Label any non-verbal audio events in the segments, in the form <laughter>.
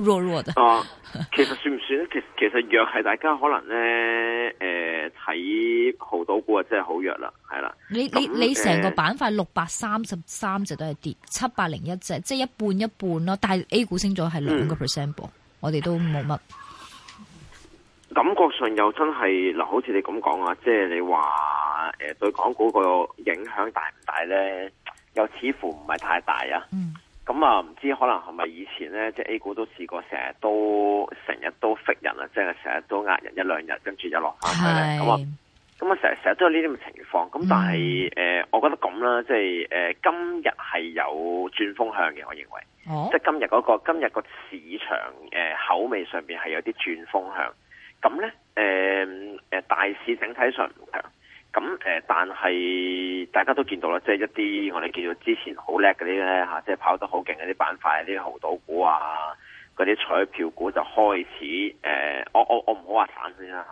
弱弱的其實算唔算咧？ <laughs> 其實其實弱係大家可能咧，誒、呃、睇濠賭股啊，真係好弱啦，係啦你。那你你你成個板塊六百三十三隻都係跌，七百零一隻，即、就、係、是、一半一半咯、啊。但係 A 股升咗係兩個 percent 噃，嗯、我哋都冇乜。感覺上又真係嗱，好似你咁講啊，即、就、係、是、你話誒對港股個影響大唔大咧？又似乎唔係太大啊。嗯。咁啊，唔、嗯、知可能係咪以前咧，即係 A 股都試過成日都成日都息人啊，即係成日都呃人一兩日，跟住就落翻去咧。咁啊是，咁啊、嗯，成日成日都有呢啲咁嘅情況。咁但係誒、呃，我覺得咁啦，即係誒、呃，今日係有轉風向嘅，我認為。哦、即係今日嗰、那個今日個市場誒口味上邊係有啲轉風向。咁咧，誒、呃、誒，大市整體上唔強。咁誒、嗯，但係大家都見到啦，即、就、係、是、一啲我哋見到之前好叻嗰啲咧嚇，即係跑得好勁嗰啲板塊、啲豪賭股啊，嗰啲彩票股就開始誒、啊，我我我唔好話散先啦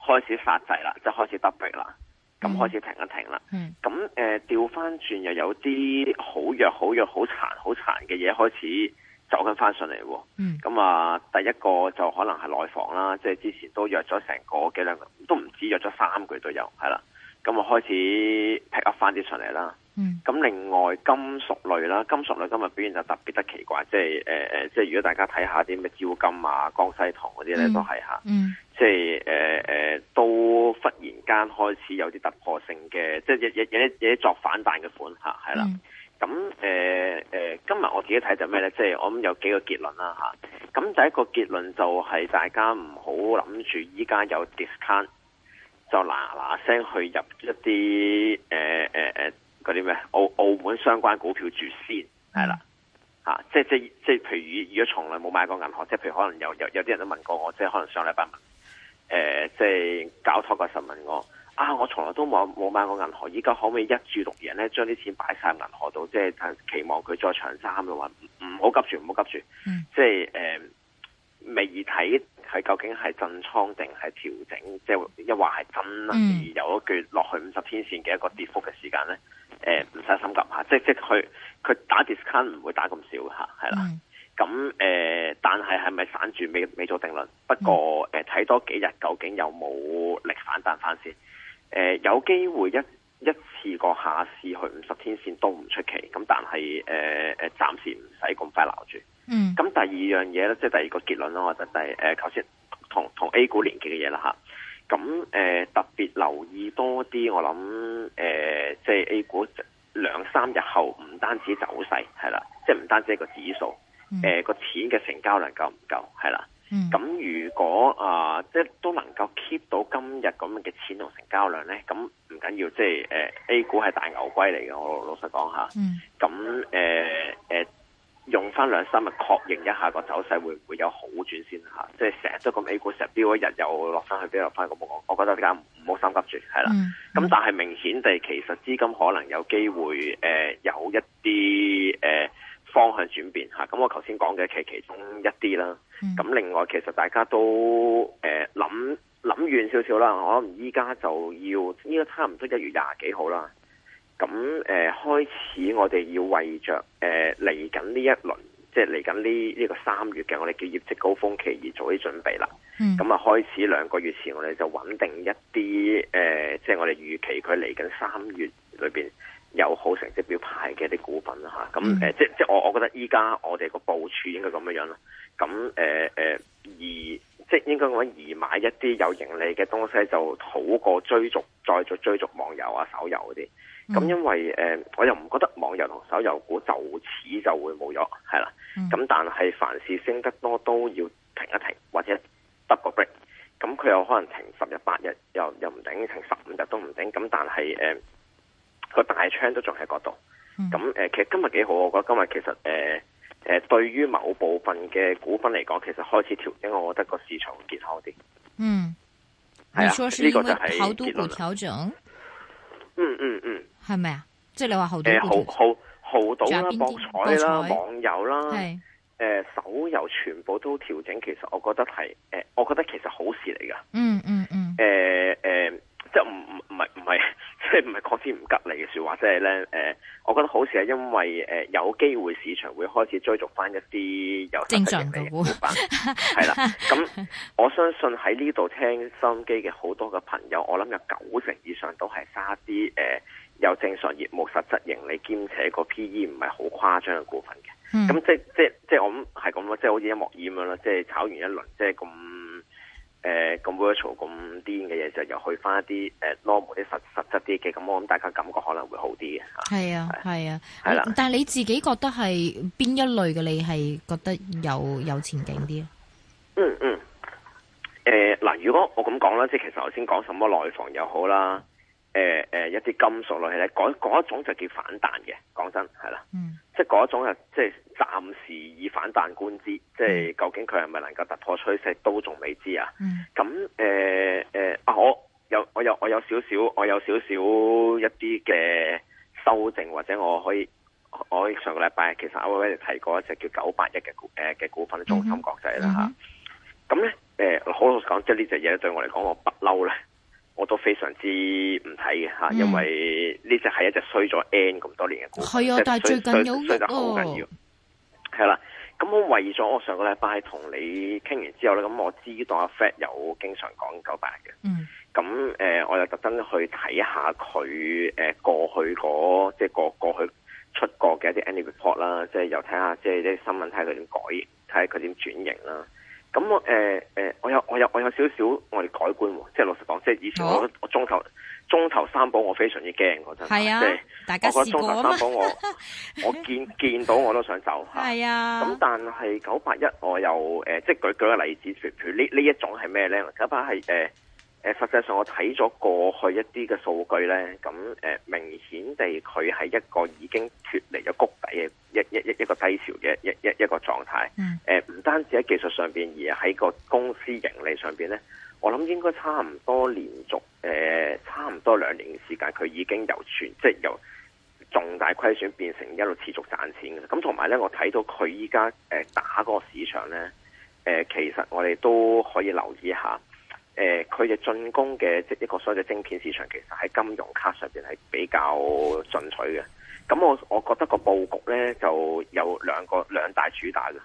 嚇，開始發滯啦，即係開始得 o u 啦，咁開始停一停啦。咁誒、嗯，調翻轉又有啲好弱、好弱、好殘、好殘嘅嘢開始走緊翻上嚟喎。咁、嗯、啊，第一個就可能係內房啦，即、就、係、是、之前都弱咗成個幾兩個，都唔止弱咗三個月都有，係啦。咁我開始 pick up 翻啲上嚟啦。咁、嗯、另外金屬類啦，金屬類今日表現就特別得奇怪，即係誒誒，即係如果大家睇下啲咩招金啊、江西銅嗰啲咧，都係嚇，嗯、即係誒誒，都忽然間開始有啲突破性嘅，即係有有有啲有啲作反彈嘅款嚇，係、啊、啦。咁誒誒，今日我自己睇、嗯、就咩咧？即係我諗有幾個結論啦、啊、嚇。咁、啊、就一個結論就係大家唔好諗住依家有 discount。就嗱嗱聲去入一啲誒誒誒嗰啲咩澳澳門相關股票住先，係啦吓，即係即係即係，譬如如果從來冇買過銀行，即係譬如可能有有有啲人都問過我，即係可能上禮拜問，誒、呃、即係交托個神問我，啊我從來都冇冇買過銀行，依家可唔可以一注獨贏咧？將啲錢擺晒喺銀行度，即係期望佢再長三嘅話，唔好急住，唔好急住，mm. 即係誒。呃未睇佢究竟係震倉定係調整，即係一話係真而有一段落去五十天線嘅一個跌幅嘅時間咧，誒唔使心急嚇，即即佢佢打 discount 唔會打咁少嚇，係啦。咁誒、mm hmm. 呃，但係係咪散住未未做定論。不過誒睇、呃、多幾日，究竟有冇力反彈翻先？誒、呃、有機會一一次過下試去五十天線都唔出奇。咁但係誒誒暫時唔使咁快撈住。嗯，咁第二樣嘢咧，即係第二個結論咯，我就第誒，頭先同同 A 股連結嘅嘢啦吓，咁誒特別留意多啲，我諗誒，即係 A 股兩三日後唔單止走勢係啦，即係唔單止一個指數，誒個錢嘅成交量夠唔夠係啦，咁如果啊即係都能夠 keep 到今日咁樣嘅錢同成交量咧，咁唔緊要，即係誒 A 股係大牛龜嚟嘅，我老實講吓，咁誒。嗯嗯嗯呃翻兩三日確認一下個走勢會唔會有好轉先嚇，即係成日都咁 A 股飆一日又落翻去，飆落翻咁，我覺得大家唔好心急住，係啦。咁、嗯嗯、但係明顯地，其實資金可能有機會誒、呃、有一啲誒、呃、方向轉變嚇。咁、啊、我頭先講嘅係其中一啲啦。咁、啊嗯、另外其實大家都誒諗諗遠少少啦，我諗依家就要依家差唔多一月廿幾號啦。咁誒，開始我哋要為着誒嚟緊呢一輪，即係嚟緊呢呢個三月嘅，我哋叫業績高峰期而做啲準備啦。咁啊，開始兩個月前我哋就穩定一啲誒，即、呃、係、就是、我哋預期佢嚟緊三月裏邊有好成績表牌嘅啲股份啦，吓。咁、啊、誒、嗯 mm.，即即係我我覺得依家我哋個部署應該咁樣樣啦。咁誒誒，而即係應該咁樣而買一啲有盈利嘅東西，就好過追逐再做追逐網遊啊、手遊嗰啲。咁、嗯、因為誒、呃，我又唔覺得網遊同手遊股就此就會冇咗，係啦。咁、嗯、但係凡事升得多都要停一停，或者 double break、嗯。咁佢有可能停十日八日又又唔頂，停十五日都唔頂。咁但係誒個大窗都仲喺嗰度。咁誒、嗯嗯嗯，其實今日幾好，我覺得今日其實誒誒、呃呃，對於某部分嘅股份嚟講，其實開始調整，我覺得個市場健康啲。嗯，你說是因為濠賭股調整？嗯嗯嗯。嗯嗯嗯係咪啊？即係你話濠賭啦、博彩啦、網遊啦、誒手遊全部都調整，其實我覺得係誒，我覺得其實好事嚟㗎。嗯嗯嗯。誒誒，即係唔唔唔係唔係，即係唔係講啲唔吉利嘅說話，即係咧誒，我覺得好事係因為誒有機會市場會開始追逐翻一啲有實力嘅股股板。係啦，咁我相信喺呢度聽收音機嘅好多嘅朋友，我諗有九成以上都係揸啲誒。有正常業務實質盈利，兼且個 P E 唔係好誇張嘅股份嘅，咁、嗯、即即即、呃、我諗係咁咯，即係好似音樂業咁樣咯，即係炒完一輪，即係咁誒咁 virtual 咁癲嘅嘢，就又去翻一啲 normal 啲實實質啲嘅，咁我諗大家感覺可能會好啲嘅。係啊，係啊，係啦、啊。但係你自己覺得係邊一類嘅？你係覺得有有前景啲？嗯嗯。誒、呃、嗱、呃，如果我咁講啦，即係其實頭先講什麼內房又好啦。誒誒、呃，一啲金屬類嘅，嗰嗰一種就叫反彈嘅。講真係啦，即係嗰一種係，即係暫時以反彈觀之，即係究竟佢係咪能夠突破趨勢都仲未知啊。咁誒誒，我有我有我有少少，我有少少一啲嘅修正或者我可以，我上個禮拜其實我一直提過一隻叫九八一嘅誒嘅股份，中芯國際啦吓。咁咧誒，好老實講，即係呢隻嘢對我嚟講，我不嬲咧。我都非常之唔睇嘅，嚇，嗯、因為呢只係一隻衰咗 N 咁多年嘅股，係啊的，衰但係最緊要，衰得好緊要。係啦。咁我為咗我上個禮拜同你傾完之後咧，咁我知道阿 Fat 有經常講九百嘅，咁誒、嗯呃，我又特登去睇下佢誒過去嗰即係過去、就是、過去出過嘅一啲 Annual Report 啦，即係又睇下即係啲新聞睇下佢點改，睇下佢點轉型啦。咁我誒我有我有我有少少我哋改觀喎，即係老實講，即係以前我我中頭中、哦、頭三寶我非常之驚，講真，係啊，的大家試過啊嘛，我覺得中頭三寶我，我見見到我都想走嚇，啊，咁、嗯、但係九八一我又誒、呃，即係舉舉個例子，譬如呢呢一,一種係咩咧？九八係誒。呃誒，實際上我睇咗過去一啲嘅數據咧，咁誒、呃、明顯地佢係一個已經脱離咗谷底嘅一一一一,一個低潮嘅一一一,一個狀態。誒、嗯，唔、呃、單止喺技術上邊，而喺個公司盈利上邊咧，我諗應該差唔多連續誒、呃、差唔多兩年嘅時間，佢已經由全即係由重大虧損變成一路持續賺錢嘅。咁同埋咧，我睇到佢依家誒打個市場咧，誒、呃、其實我哋都可以留意一下。誒，佢哋進攻嘅即一個所謂嘅晶片市場，其實喺金融卡上邊係比較進取嘅。咁我我覺得個布局呢，就有兩個兩大主打嘅。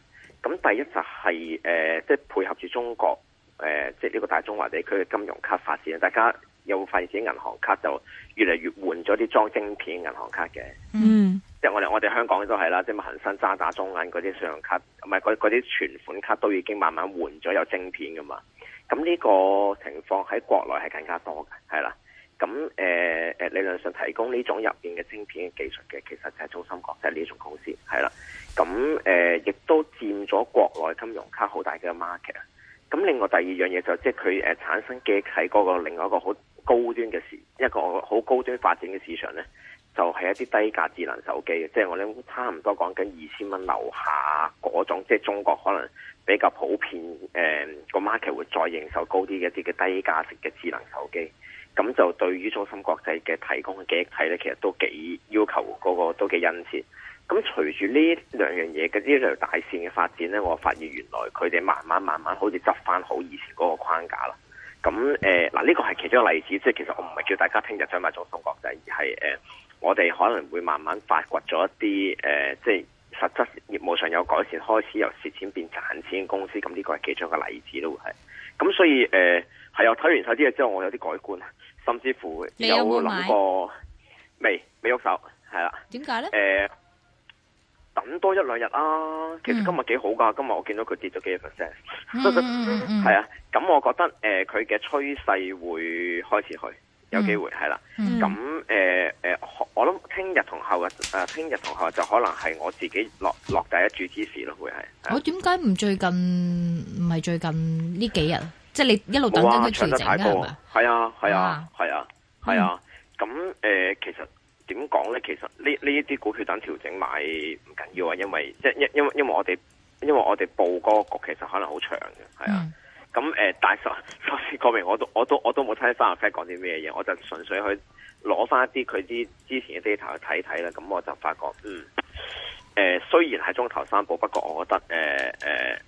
咁第一就係、是、誒、呃，即係配合住中國誒、呃，即係呢個大中華地區嘅金融卡發展，大家又發現啲銀行卡就越嚟越換咗啲裝晶片嘅銀行卡嘅。嗯、mm.，即係我哋我哋香港都係啦，即係恆生渣打中銀嗰啲信用卡，唔係嗰啲存款卡都已經慢慢換咗有晶片噶嘛。咁呢個情況喺國內係更加多嘅，係啦。咁誒誒理論上提供呢種入邊嘅晶片嘅技術嘅，其實就係中心國，就係、是、呢種公司，係啦。咁誒、呃、亦都佔咗國內金融卡好大嘅 market。咁另外第二樣嘢就即係佢誒產生嘅喺嗰個另外一個好高端嘅市，一個好高端發展嘅市場咧。就係一啲低價智能手機即係、就是、我諗差唔多講緊二千蚊樓下嗰種，即、就、係、是、中國可能比較普遍。誒個 market 會再認受高啲一啲嘅低價值嘅智能手機，咁就對於中芯國際嘅提供嘅記憶體咧，其實都幾要求，個個都幾殷切。咁隨住呢兩樣嘢嘅呢條大線嘅發展咧，我發現原來佢哋慢慢慢慢好似執翻好以前嗰個框架啦。咁誒嗱呢個係其中一個例子，即係其實我唔係叫大家聽日想買中芯國際，而係誒。呃我哋可能會慢慢發掘咗一啲誒、呃，即係實質業務上有改善，開始由蝕錢變賺錢公司。咁呢個係幾種嘅例子咯，係、嗯。咁所以誒，係、呃、啊，睇完曬啲嘢之後，我有啲改觀，甚至乎有諗過，未未喐手，係啦。點解咧？誒、呃，等多一兩日啦、啊。其實今日幾好噶，今日我見到佢跌咗幾 percent、嗯嗯嗯嗯嗯。嗯係、嗯嗯嗯、啊，咁我覺得誒，佢、呃、嘅趨勢會開始去。有機會係啦，咁誒誒，我諗聽日同後日誒，聽日同後日就可能係我自己落落第一注之時咯，會係。我點解唔最近唔係最近呢幾日？嗯、即係你一路等等佢調整㗎係咪？係啊係啊係啊係啊，咁誒其實點講咧？其實呢呢啲股票等調整買唔緊要啊，因為即係因因為因為，因為我哋因為我哋報個局其實可能好長嘅，係啊。咁誒，大所、嗯，首先講明我都我都我都冇聽翻阿 f l i c 講啲咩嘢，我就純粹去攞翻一啲佢之之前嘅 data 去睇睇啦。咁我就發覺，嗯，誒雖然係中頭三步，不過我覺得，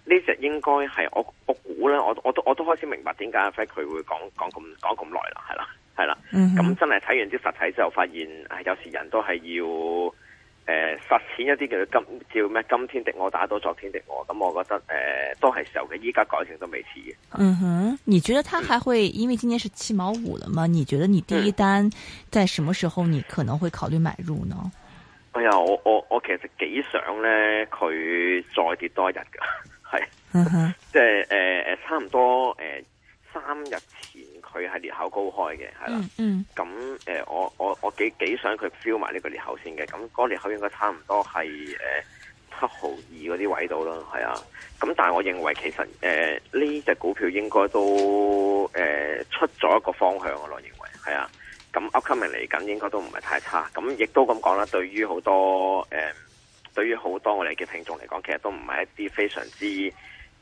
誒誒呢隻應該係我我估咧，我我都我都開始明白點解阿 f l i c 佢會講講咁講咁耐啦，係啦，係啦。咁真係睇完啲實體之後，發現係有時人都係要誒、呃，實踐一啲叫做今叫咩？今天敵我打到昨天敵我，咁我覺得誒都係時候嘅。依家改成都未遲嘅。嗯哼，你覺得他還會？嗯、因為今年是七毛五啦嘛？你覺得你第一單在什麼時候？你可能會考慮買入呢？嗯、哎呀，我我我其實幾想咧，佢再跌多一日噶，係 <laughs> 是，即係誒，差唔多誒、呃、三日前。佢係裂口高開嘅，係啦。咁、嗯，誒、嗯嗯，我我我幾我幾想佢 feel 埋呢個裂口先嘅。咁嗰裂口應該差唔多係誒、呃、七毫二嗰啲位度咯。係啊。咁、嗯，但係我認為其實誒呢隻股票應該都誒、呃、出咗一個方向啊。我認為係啊。咁 upcoming 嚟緊應該都唔係太差。咁、嗯、亦都咁講啦。對於好多誒、呃，對於好多我哋嘅聽眾嚟講，其實都唔係一啲非常之。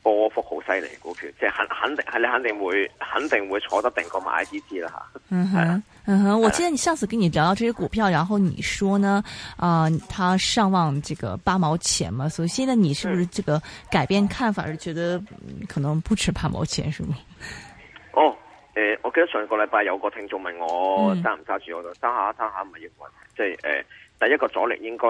波幅好犀利，股票即係肯定肯係你肯定會肯定會坐得定個買 A. T. T. 啦吓。嗯哼，吧嗯哼，我記得你上次跟你聊到這些股票，然後你說呢，啊、呃，它上望這個八毛錢嘛，所以現在你是不是這個改變看法，而覺得、嗯、可能不止八毛錢，是嗎？哦，誒、呃，我記得上個禮拜有個聽眾問我，揸唔揸住我就揸下揸下唔係亦冇問題，即係誒。誒誒誒誒誒第一個阻力應該，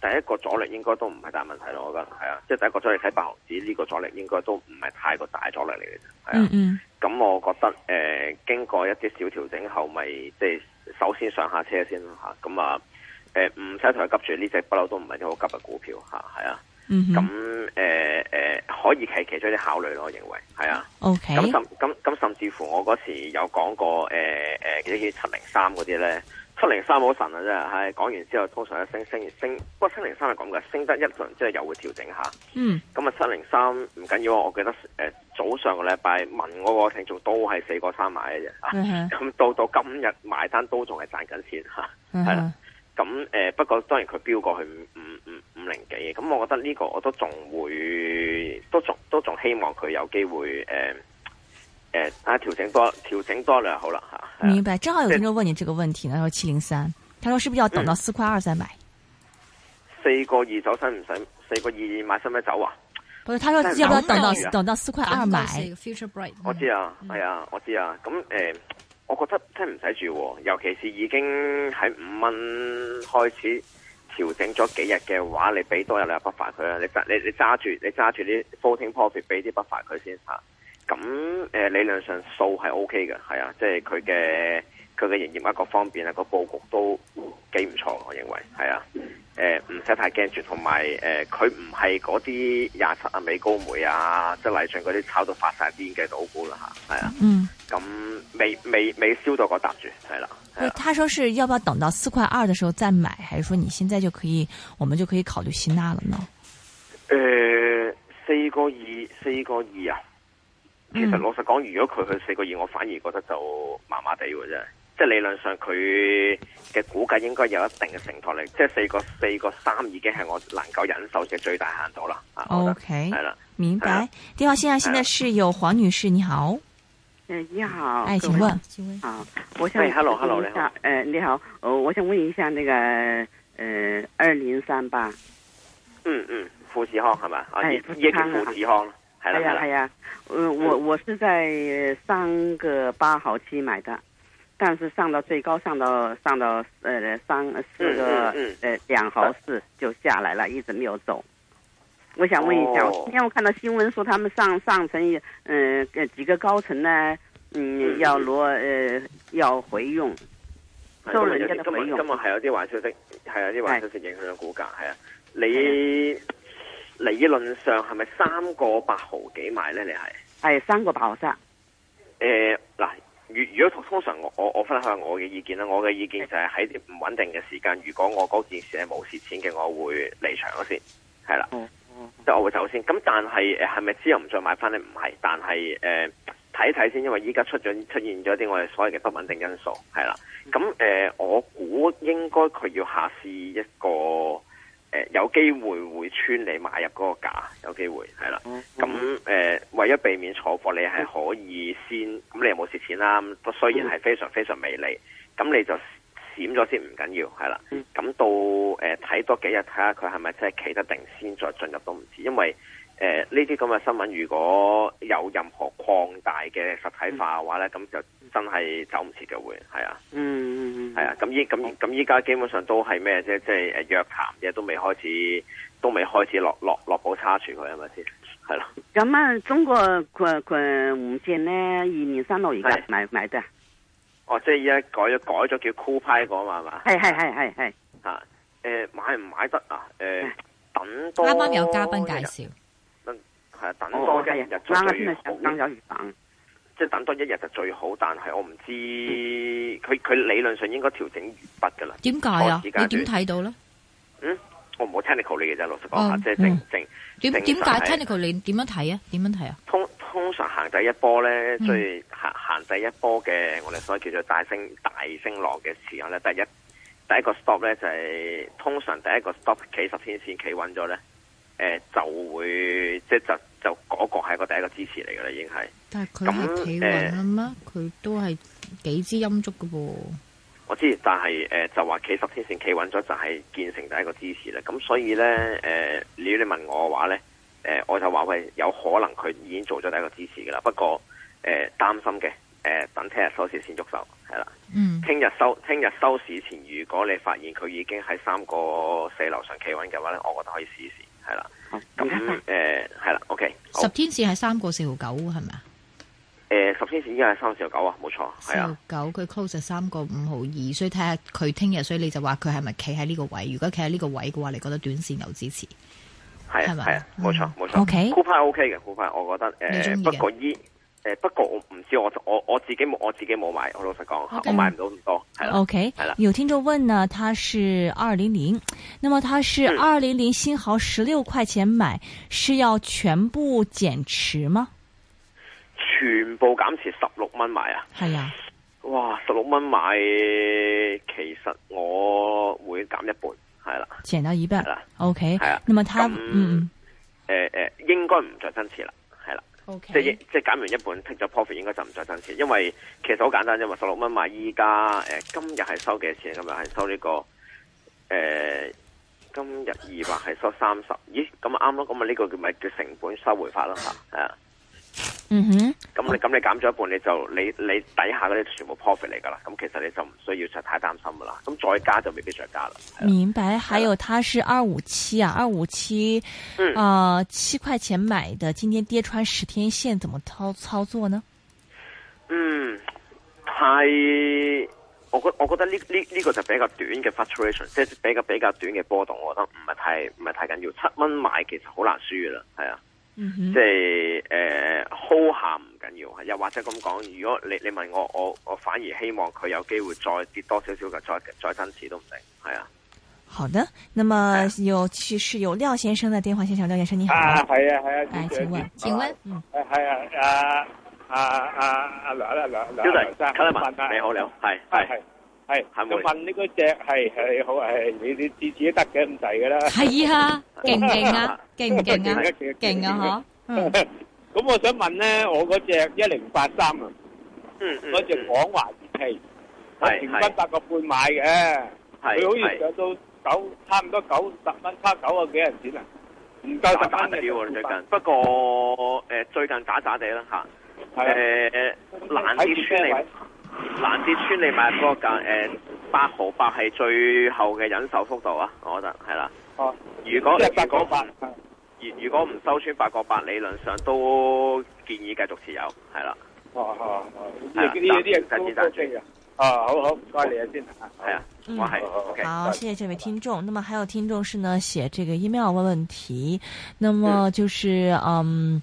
第一個阻力應該都唔係大問題咯。我覺得係啊，即係第一個再嚟睇百毫子呢個阻力應該都唔係太過大阻力嚟嘅。係啊、嗯嗯，咁我覺得誒、呃、經過一啲小調整後，咪即係首先上下車先啦，咁啊，誒唔使同佢急住，呢只不嬲都唔係啲好急嘅股票嚇。係啊，咁誒誒可以係其中一啲考慮咯。嗯嗯嗯 charts, 我認為 Okay? rund, 啊。O K。咁甚咁咁甚至乎我嗰時有講過誒誒啲七零三嗰啲咧。呃呃 Bless. 七零三好神啊真係，係講完之後通常一升升升，不過七零三係咁噶，升得一輪之後又會調整下。嗯。咁啊，七零三唔緊要，我記得誒、呃、早上個禮拜問我個聽眾都係四個三買嘅啫。咁、啊嗯、哼到到今日埋單都仲係賺緊錢吓。係、啊嗯、哼啦，咁誒、呃，不過當然佢飆過去五五五五零幾，咁我覺得呢個我都仲會，都仲都仲希望佢有機會誒。呃誒，睇調、呃、整多，調整多咧，好啦吓。啊、明白，正好有聽眾問你這個問題，呢個七零三，他說是不是要等到四塊二再買？四個二走使唔使，四個二買使唔使？走啊？不是，他說是要唔要等到等到四塊二買？Future Bright 我知啊，係啊，我知啊。咁誒、呃，我覺得真唔使住、啊，尤其是已經喺五蚊開始調整咗幾日嘅話，你俾多入嚟 buffer 佢啊。你揸你你揸住，你揸住啲 floating profit 俾啲 buffer 佢先吓。啊咁誒、呃，理論上數係 O K 嘅，係、OK、啊，即係佢嘅佢嘅營業啊，各方面啊，個布局都幾唔錯，我認為係啊，誒、呃，唔使太驚住，同埋誒，佢唔係嗰啲廿七啊美高梅啊，即係嚟將嗰啲炒到發晒癲嘅賭股啦吓，係啊，嗯，咁未未未燒到個答住，係啦、啊，佢、啊、他說是要不要等到四塊二嘅時候再買，還是說你現在就可以，我們就可以考慮吸納了呢？誒、呃，四個二，四個二啊！其實老實講，如果佢去四個二，我反而覺得就麻麻地喎，真係。即係理論上，佢嘅估計應該有一定嘅承托力。即係四個四個三已經係我能夠忍受嘅最大限度啦。啊，OK，係啦，明白。電話線啊，現在是有黃女士，你好。誒，你好，請問，好，我想 hello，hello 問一下，誒，你好，我想問一下，那個，誒，二零三八。嗯嗯，富士康係咪？係，亦叫富士康。哎呀，哎呀，嗯是，我、呃、我是在三個八毫七買的，但是上到最高上到上到，呃，三四個，呃兩毫四就下來了，一直沒有走。我想問一下，我、哦、今天我看到新聞說，他們上上層，嗯、呃，幾個高層呢，嗯、呃，要挪呃要回用，收人家的回用。今日今天今天今天係有啲壞消息，係啊啲壞消息影響咗股價，係啊，你。理論上係咪三個八毫幾買呢？你係係三個八毫三。誒，嗱，如果如果通常我我，我分享我嘅意見啦，我嘅意見就係喺唔穩定嘅時間，如果我嗰件事係冇蝕錢嘅，我會離場咗先。係喇，即係、嗯嗯嗯、我會先走先。咁但係誒，係、呃、咪之後唔再買翻咧？唔係，但係誒，睇、呃、睇先，因為依家出咗出現咗一啲我哋所謂嘅不穩定因素，係喇。咁誒、嗯嗯嗯呃，我估應該佢要下試一個。誒、呃，有機會會穿你買入嗰個價，有機會係啦。咁誒，為、嗯、咗、嗯嗯、避免錯過，你係可以先咁、嗯嗯。你有冇蝕錢啦、啊？雖然係非常非常微利，咁、嗯嗯、你就閃咗先，唔緊要係啦。咁、嗯嗯嗯、到誒睇、呃、多幾日，睇下佢係咪真係企得定先再進入都唔知，因為。誒，呢啲咁嘅新聞如果有任何擴大嘅實體化嘅話咧，咁就真係走唔切嘅會係啊，嗯，係、嗯、啊，咁依咁咁依家基本上都係咩啫？即係誒，約談嘅都未開始，都未開始落落落保差除佢係咪先？係 <noise> 咯。咁啊 Sab Lebanon，中國佢無線咧，二年三路，而家、yeah、 <noise> <noise> 買唔買得？哦，即係而家改咗改咗叫酷派嗰個係嘛？係係係係係。啊，誒，買唔買得啊？誒，等多啱啱有嘉賓介紹。等多一日就最好，等等、哦，即係、啊、等多一日就最、嗯、最好。但係我唔知佢佢、嗯、理論上應該調整完畢㗎啦。點解啊？你點睇到咧？嗯，我唔好 technical 你嘅啫，老實講下，即係正正。點點解 technical 你點樣睇啊？點樣睇啊？通通常行第一波咧，最、嗯、行行第一波嘅，我哋所謂叫做大升大升浪嘅時候咧，第一第一、第一個 stop 咧就係、是、通常第一個 stop 企十天線企穩咗咧，誒、呃、就會即係就、就。就就就就就就嗰個係一個第一個支持嚟噶啦，已經係、嗯。但係佢企穩啦咩？佢都係幾支陰燭噶噃。我知，但係誒就話企十天線企穩咗就係建成第一個支持啦。咁所以咧誒、呃，如果你問我嘅話咧，誒、呃、我就話喂，有可能佢已經做咗第一個支持噶啦。不過誒擔、呃、心嘅誒、呃，等聽日收市先捉手係啦。嗯。聽日收聽日收市前，如果你發現佢已經喺三個四樓上企穩嘅話咧，我覺得可以試一試係啦。咁誒，係啦，OK。十天線係三個四毫九係咪？誒，十天線依家係三個四毫九啊，冇錯，係啊。九佢 close 係三個五毫二，所以睇下佢聽日，所以你就話佢係咪企喺呢個位？如果企喺呢個位嘅話，你覺得短線有支持？係咪？係啊，冇錯冇錯。O K、啊。股 O K 嘅股價，okay、age, 我覺得誒，你不過依。誒、呃，不過我唔知我我我自己冇我自己冇買，我老實講，Okay. 我買唔到咁多。係啦，OK，係啦。Okay. 啦有聽眾問呢，他是二零零，那麼他是二零零新濠十六塊錢買，嗯，是要全部減持嗎？全部減持十六蚊買啊？係啊！哇，十六蚊買，其實我會減一半，係啦，減到一半啦。OK，係啊。那麼他嗯，誒誒、嗯，應該唔再增持啦。Okay. 即係即係減完一半剔咗 profit，應該就唔再賺錢。因為其實好簡單，啫嘛。十六蚊買依家，誒，今日係收幾多錢？今日係收呢、這個，誒、呃，今日二百係收三十？咦，咁啱咯，咁啊呢個叫咪叫成本收回法咯，吓係啊。嗯哼，咁、mm hmm. oh. 你咁你減咗一半你，你就你你底下嗰啲全部 profit 嚟噶啦，咁其實你就唔需要實太擔心噶啦。咁再加就未必再加啦。明白，還有它是二五七啊，二五、呃嗯、七，啊七塊錢買的，今天跌穿十天線，怎麼操操作呢？嗯，太，我覺我覺得呢呢呢個就比較短嘅 fluctuation 即係比較比較短嘅波動，我覺得唔係太唔係太緊要。七蚊買其實好難輸噶啦，係啊。即係誒，hold 下唔緊要，又或者咁講，如果你你問我，我我反而希望佢有機會再跌多少少嘅，再再增持都唔定，係啊。好的，那麼有，其實有廖先生嘅電話先響，廖先生你好。啊，係啊，係啊，哎，請問，請問，係啊，阿阿阿阿梁梁梁你好你好，係係係。係，我問呢個只係係好係，你你次次都得嘅咁滯噶啦。係啊，勁唔勁啊？勁唔勁啊？勁啊！嗬。咁我想問咧，我嗰隻一零八三啊，嗯，嗰隻廣華熱氣係平均八個半買嘅，係，佢好似上到九，差唔多九十蚊，差九個幾銀錢啊，唔夠十蚊啊。不過誒，最近打打哋啦吓，誒，藍跌穿嚟。難跌穿你買嗰個價誒，八毫八係最後嘅忍受幅度啊，我覺得係啦。哦，如果如果八，如如果唔收穿八個八，理論上都建議繼續持有，係啦。哦哦哦，啊，張先生，啊，好好，唔該你啊，先啊，係啊，我係。好，謝謝這位聽眾。那麼還有聽眾是呢，寫這個 email 問問題，那麼就是嗯。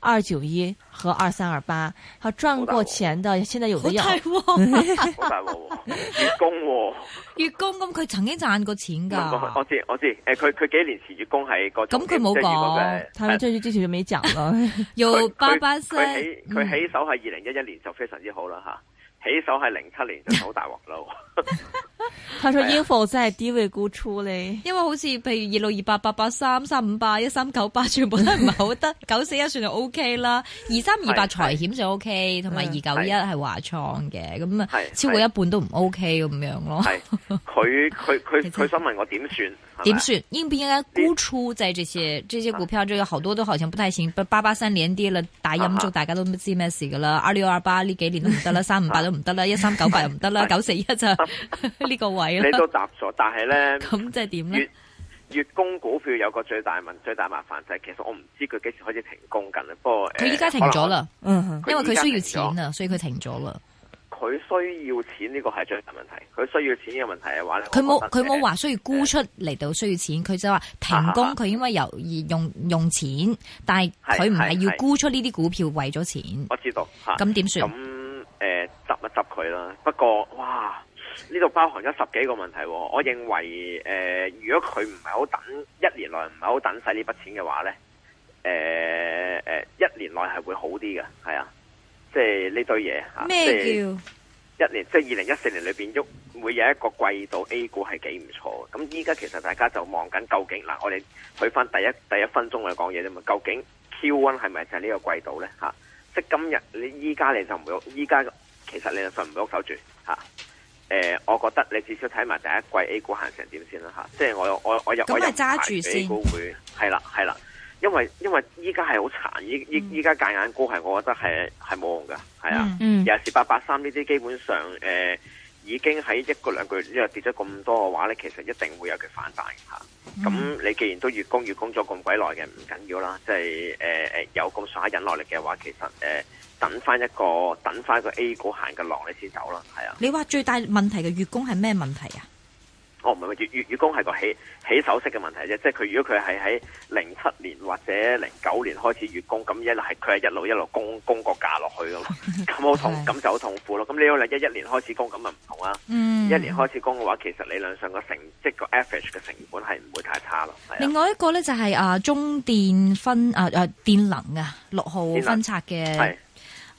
二九一和二三二八，佢賺過錢的，哦、現在有得要。好大鑊、哦， <laughs> <laughs> <laughs> 月供喎、哦， <laughs> 月供咁佢曾經賺過錢噶、嗯。我知我知，誒佢佢幾年前月供係個咁佢冇講，係咪最最最尾集咯？又八八四，佢起佢起手係二零一一年就非常之好啦吓，嗯、起手係零七年就好大鑊咯。 <laughs> 他說腰貨真係低位沽出咧，因為好似譬如二六二八八八三三五八一三九八全部都唔係好得，九四一算就 O K 啦，二三二八財險就 O K，同埋二九一係華創嘅，咁啊超過一半都唔 O K 咁樣咯。佢佢佢佢想問我點算？點算應唔應該沽出？就係這些這些股票，仲有好多都好像不太行，八八八三連跌了大陰燭，大家都知咩事噶啦。二六二八呢幾年都唔得啦，三五八都唔得啦，一三九八又唔得啦，九四一就。呢個位啦，你都答咗，但係咧，咁即係點咧？月月供股票有個最大問最大麻煩就係，其實我唔知佢幾時開始停工緊。不過，佢依家停咗啦，因為佢需要錢啊，所以佢停咗啦。佢需要錢呢個係最大問題，佢需要錢嘅問題嘅話咧。佢冇佢冇話需要沽出嚟到需要錢，佢就話停工，佢因為由而用用錢，但係佢唔係要沽出呢啲股票為咗錢。我知道，咁點算？咁誒，執一執佢啦。不過哇！呢度包含咗十幾個問題，哦，我認為誒、呃，如果佢唔係好等一年內唔係好等晒呢筆錢嘅話呢，誒、呃呃、一年內係會好啲嘅，係啊，即係呢堆嘢吓，啊、什麼 即係一年，即係二零一四年裏邊喐，會有一個季度 A 股係幾唔錯。咁依家其實大家就望緊究竟嗱，我哋去翻第一第一分鐘去講嘢啫嘛，究竟 Q one 係咪就係呢個季度呢？吓、啊？即係今日你依家你就唔好，依家其實你就順唔好守住吓。啊誒、呃，我覺得你至少睇埋第一季 A 股行成點先啦吓、啊，即係我我我，我又可以排 A 股會係啦係啦，因為因為依家係好殘，依依家戒眼股係我覺得係係冇用噶，係啊，嗯嗯、尤其是八八三呢啲基本上誒、呃、已經喺一個兩個月因為跌咗咁多嘅話咧，其實一定會有佢反彈吓，咁、啊、你、嗯嗯、既然都月供月供咗咁鬼耐嘅，唔緊要啦，即係誒誒有咁上下忍耐力嘅話，其實誒。呃等翻一個，等翻個 A 股行嘅浪，你先走啦。係啊，你話最大問題嘅月供係咩問題啊？哦，唔係，月月月供係個起起手式嘅問題啫。即係佢如果佢係喺零七年或者零九年開始月供，咁一係佢係一路一路供供個價落去咯。咁好痛，咁 <laughs> 就好痛苦咯。咁你有嚟一一年開始供，咁咪唔同啊？一年開始供嘅、嗯、話，其實理論上成、就是、個成即個 average 嘅成本係唔會太差咯。另外一個咧就係、是、啊，中電分啊啊電能啊六號分拆嘅。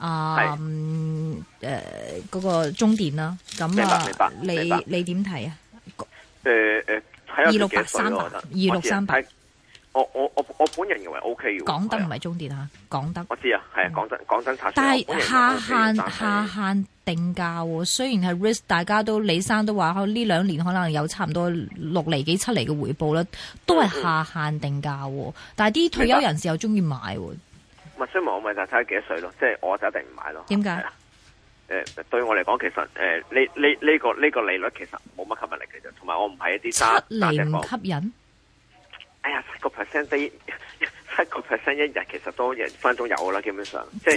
啊，嗯，誒嗰個中電啦，咁啊，你你點睇啊？誒誒，係啊，二六八三八，二六三八，我我我我本人認為 OK 嘅，港燈唔係中電吓，港燈。我知啊，係啊，港燈港燈，但係下限下限定價喎，雖然係 risk，大家都李生都話，呢兩年可能有差唔多六厘幾七厘嘅回報啦，都係下限定價喎，但係啲退休人士又中意買喎。所以我咪就睇下幾多歲咯，即係我就一定唔買咯。點解？誒，對我嚟講，其實誒，呢呢呢個呢個利率其實冇乜吸引力嘅，同埋我唔係一啲揸七厘吸引？哎呀，七個 percent 七個 percent 一日其實都一分鐘有啦，基本上。即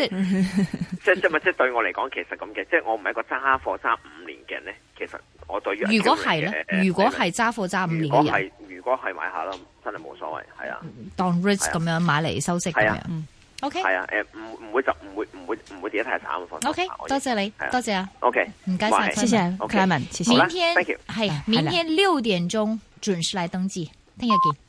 即即咪即對我嚟講，其實咁嘅，即我唔係一個揸貨揸五年嘅人咧。其實我對於如果係咧，如果係揸貨揸五年如果係如果係買下咯，真係冇所謂，係啊。當 risk 咁樣買嚟收息咁樣。OK，係啊，hey, right，誒，唔唔會就唔會唔會唔會跌得太慘嘅 OK，多謝你，多謝啊。OK，唔該晒，謝謝。OK，文，明天係，明天六點鐘準時嚟登記。聽日見。